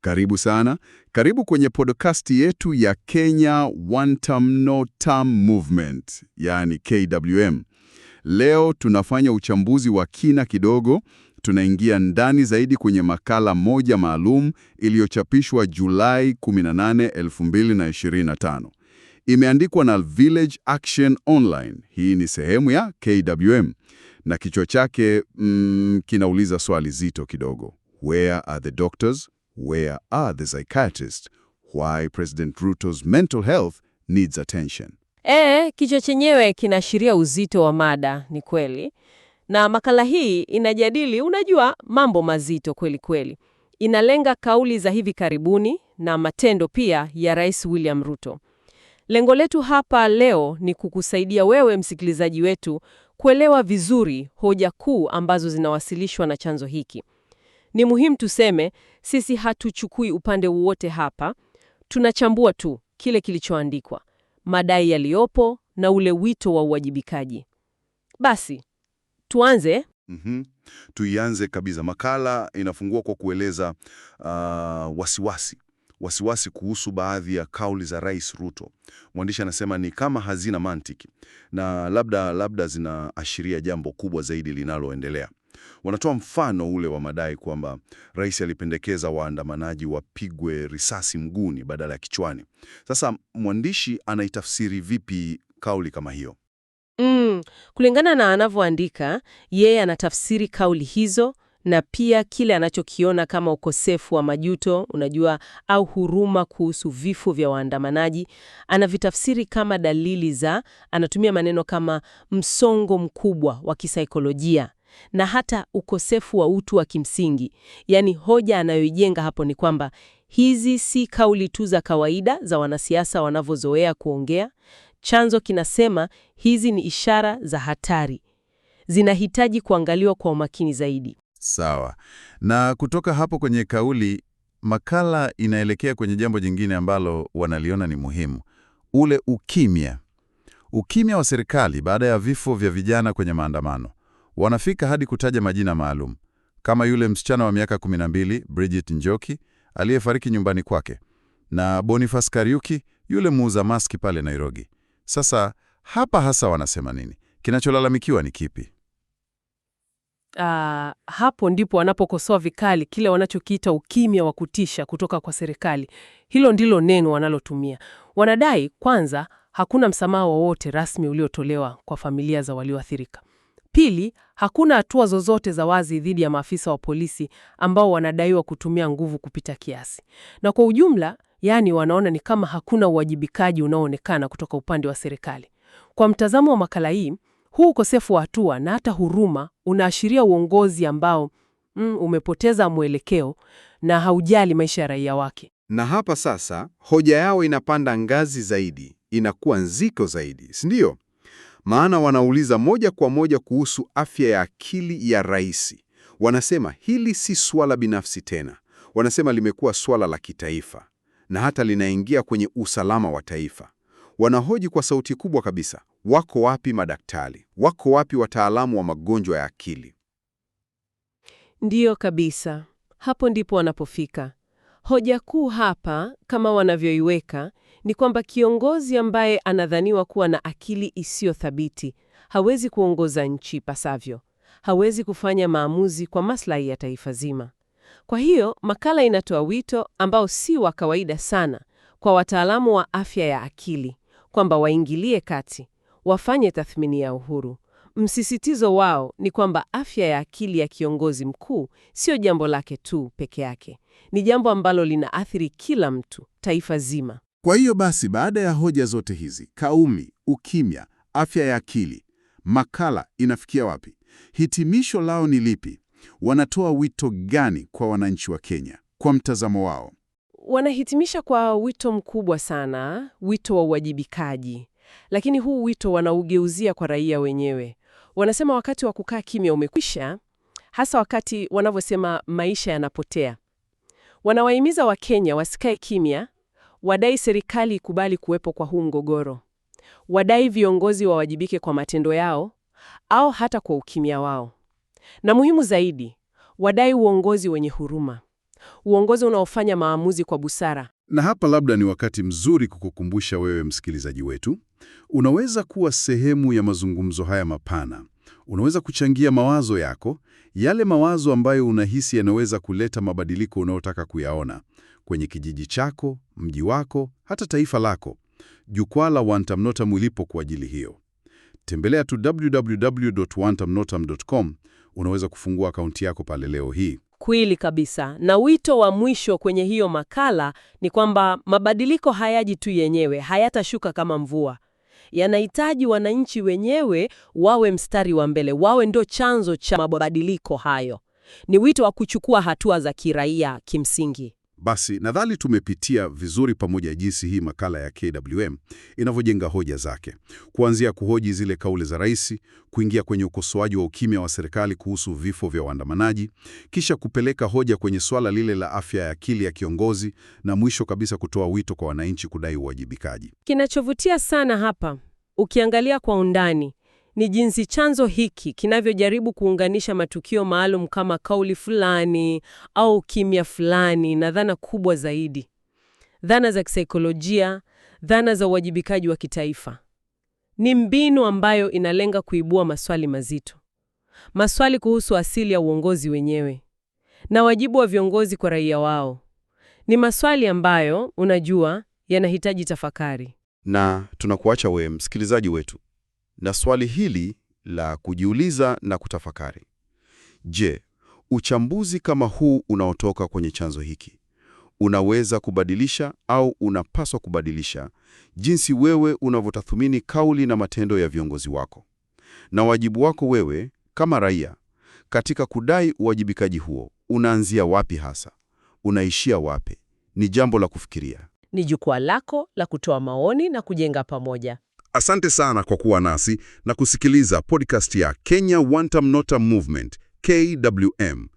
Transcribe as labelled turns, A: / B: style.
A: Karibu sana, karibu kwenye podkasti yetu ya Kenya One Term No Term Movement, yani KWM. Leo tunafanya uchambuzi wa kina kidogo, tunaingia ndani zaidi kwenye makala moja maalum iliyochapishwa Julai 18, 2025. Imeandikwa na Village Action Online. Hii ni sehemu ya KWM na kichwa chake mm, kinauliza swali zito kidogo. Where are the doctors? Where are the psychiatrists? Why President Ruto's mental health needs attention.
B: E, kichwa chenyewe kinaashiria uzito wa mada, ni kweli. Na makala hii inajadili, unajua, mambo mazito kweli kweli. Inalenga kauli za hivi karibuni na matendo pia ya Rais William Ruto. Lengo letu hapa leo ni kukusaidia wewe msikilizaji wetu kuelewa vizuri hoja kuu ambazo zinawasilishwa na chanzo hiki. Ni muhimu tuseme, sisi hatuchukui upande wowote hapa, tunachambua tu kile kilichoandikwa, madai yaliyopo na ule wito wa uwajibikaji. Basi tuanze.
A: Mm -hmm. Tuianze kabisa. Makala inafungua kwa kueleza uh, wasiwasi wasiwasi kuhusu baadhi ya kauli za Rais Ruto. Mwandishi anasema ni kama hazina mantiki na labda labda zinaashiria jambo kubwa zaidi linaloendelea. Wanatoa mfano ule wa madai kwamba rais alipendekeza waandamanaji wapigwe risasi mguuni badala ya kichwani. Sasa mwandishi anaitafsiri vipi kauli kama hiyo?
B: Mm, kulingana na anavyoandika yeye, anatafsiri kauli hizo na pia kile anachokiona kama ukosefu wa majuto, unajua, au huruma kuhusu vifo vya waandamanaji, anavitafsiri kama dalili za, anatumia maneno kama msongo mkubwa wa kisaikolojia na hata ukosefu wa utu wa kimsingi. Yaani, hoja anayoijenga hapo ni kwamba hizi si kauli tu za kawaida za wanasiasa wanavyozoea kuongea. Chanzo kinasema hizi ni ishara za hatari, zinahitaji kuangaliwa kwa umakini zaidi.
A: Sawa. Na kutoka hapo kwenye kauli, makala inaelekea kwenye jambo jingine ambalo wanaliona ni muhimu, ule ukimya ukimya wa serikali baada ya vifo vya vijana kwenye maandamano. Wanafika hadi kutaja majina maalum kama yule msichana wa miaka 12 Bridget Njoki aliyefariki nyumbani kwake na Boniface Kariuki yule muuza maski pale Nairobi. Sasa hapa hasa wanasema nini? Kinacholalamikiwa ni kipi?
B: Uh, hapo ndipo wanapokosoa vikali kile wanachokiita ukimya wa kutisha kutoka kwa serikali. Hilo ndilo neno wanalotumia. Wanadai kwanza, hakuna msamaha wowote rasmi uliotolewa kwa familia za walioathirika. Pili, hakuna hatua zozote za wazi dhidi ya maafisa wa polisi ambao wanadaiwa kutumia nguvu kupita kiasi. Na kwa ujumla, yaani wanaona ni kama hakuna uwajibikaji unaoonekana kutoka upande wa serikali. Kwa mtazamo wa makala hii, huu ukosefu wa hatua na hata huruma unaashiria uongozi ambao mm, umepoteza mwelekeo na haujali maisha ya raia wake.
A: Na hapa sasa hoja yao inapanda ngazi zaidi, inakuwa nzito zaidi, si ndio? maana wanauliza moja kwa moja kuhusu afya ya akili ya rais. Wanasema hili si swala binafsi tena, wanasema limekuwa swala la kitaifa na hata linaingia kwenye usalama wa taifa. Wanahoji kwa sauti kubwa kabisa, wako wapi madaktari? Wako wapi wataalamu wa magonjwa ya akili?
B: Ndiyo kabisa, hapo ndipo wanapofika. Hoja kuu hapa, kama wanavyoiweka, ni kwamba kiongozi ambaye anadhaniwa kuwa na akili isiyo thabiti hawezi kuongoza nchi ipasavyo, hawezi kufanya maamuzi kwa maslahi ya taifa zima. Kwa hiyo makala inatoa wito ambao si wa kawaida sana kwa wataalamu wa afya ya akili kwamba waingilie kati, wafanye tathmini ya uhuru. Msisitizo wao ni kwamba afya ya akili ya kiongozi mkuu sio jambo lake tu peke yake, ni jambo ambalo linaathiri kila mtu, taifa zima.
A: Kwa hiyo basi, baada ya hoja zote hizi, kaumi, ukimya, afya ya akili, makala inafikia wapi? Hitimisho lao ni lipi? Wanatoa wito gani kwa wananchi wa Kenya kwa mtazamo wao?
B: Wanahitimisha kwa wito mkubwa sana, wito wa uwajibikaji. Lakini huu wito wanaugeuzia kwa raia wenyewe. Wanasema wakati wa kukaa kimya umekwisha, hasa wakati wanavyosema maisha yanapotea. Wanawahimiza Wakenya wasikae kimya, wadai serikali ikubali kuwepo kwa huu mgogoro, wadai viongozi wawajibike kwa matendo yao au hata kwa ukimya wao, na muhimu zaidi, wadai uongozi wenye huruma, uongozi unaofanya maamuzi kwa busara.
A: Na hapa labda ni wakati mzuri kukukumbusha wewe msikilizaji wetu, unaweza kuwa sehemu ya mazungumzo haya mapana. Unaweza kuchangia mawazo yako, yale mawazo ambayo unahisi yanaweza kuleta mabadiliko unayotaka kuyaona kwenye kijiji chako, mji wako, hata taifa lako. Jukwaa la Wantamnotam ulipo kwa ajili hiyo. Tembelea tu www.wantamnotam.com. Unaweza kufungua akaunti yako pale leo hii.
B: Kweli kabisa. Na wito wa mwisho kwenye hiyo makala ni kwamba mabadiliko hayaji tu yenyewe, hayatashuka kama mvua. Yanahitaji wananchi wenyewe wawe mstari wa mbele, wawe ndo chanzo cha mabadiliko hayo. Ni wito wa kuchukua hatua za kiraia kimsingi.
A: Basi nadhani tumepitia vizuri pamoja jinsi hii makala ya KWM inavyojenga hoja zake, kuanzia kuhoji zile kauli za rais, kuingia kwenye ukosoaji wa ukimya wa serikali kuhusu vifo vya waandamanaji, kisha kupeleka hoja kwenye swala lile la afya ya akili ya kiongozi, na mwisho kabisa kutoa wito kwa wananchi kudai uwajibikaji.
B: Kinachovutia sana hapa, ukiangalia kwa undani, ni jinsi chanzo hiki kinavyojaribu kuunganisha matukio maalum kama kauli fulani au kimya fulani na dhana kubwa zaidi, dhana za kisaikolojia, dhana za uwajibikaji wa kitaifa. Ni mbinu ambayo inalenga kuibua maswali mazito, maswali kuhusu asili ya uongozi wenyewe na wajibu wa viongozi kwa raia wao. Ni maswali ambayo, unajua, yanahitaji tafakari,
A: na tunakuacha wewe msikilizaji wetu na swali hili la kujiuliza na kutafakari. Je, uchambuzi kama huu unaotoka kwenye chanzo hiki unaweza kubadilisha au unapaswa kubadilisha jinsi wewe unavyotathmini kauli na matendo ya viongozi wako na wajibu wako wewe kama raia katika kudai uwajibikaji huo. Unaanzia wapi hasa? Unaishia wapi? Ni jambo la kufikiria.
B: Ni jukwaa lako la kutoa maoni na kujenga pamoja.
A: Asante sana kwa kuwa nasi na kusikiliza podcast ya Kenya notam Movement KWM.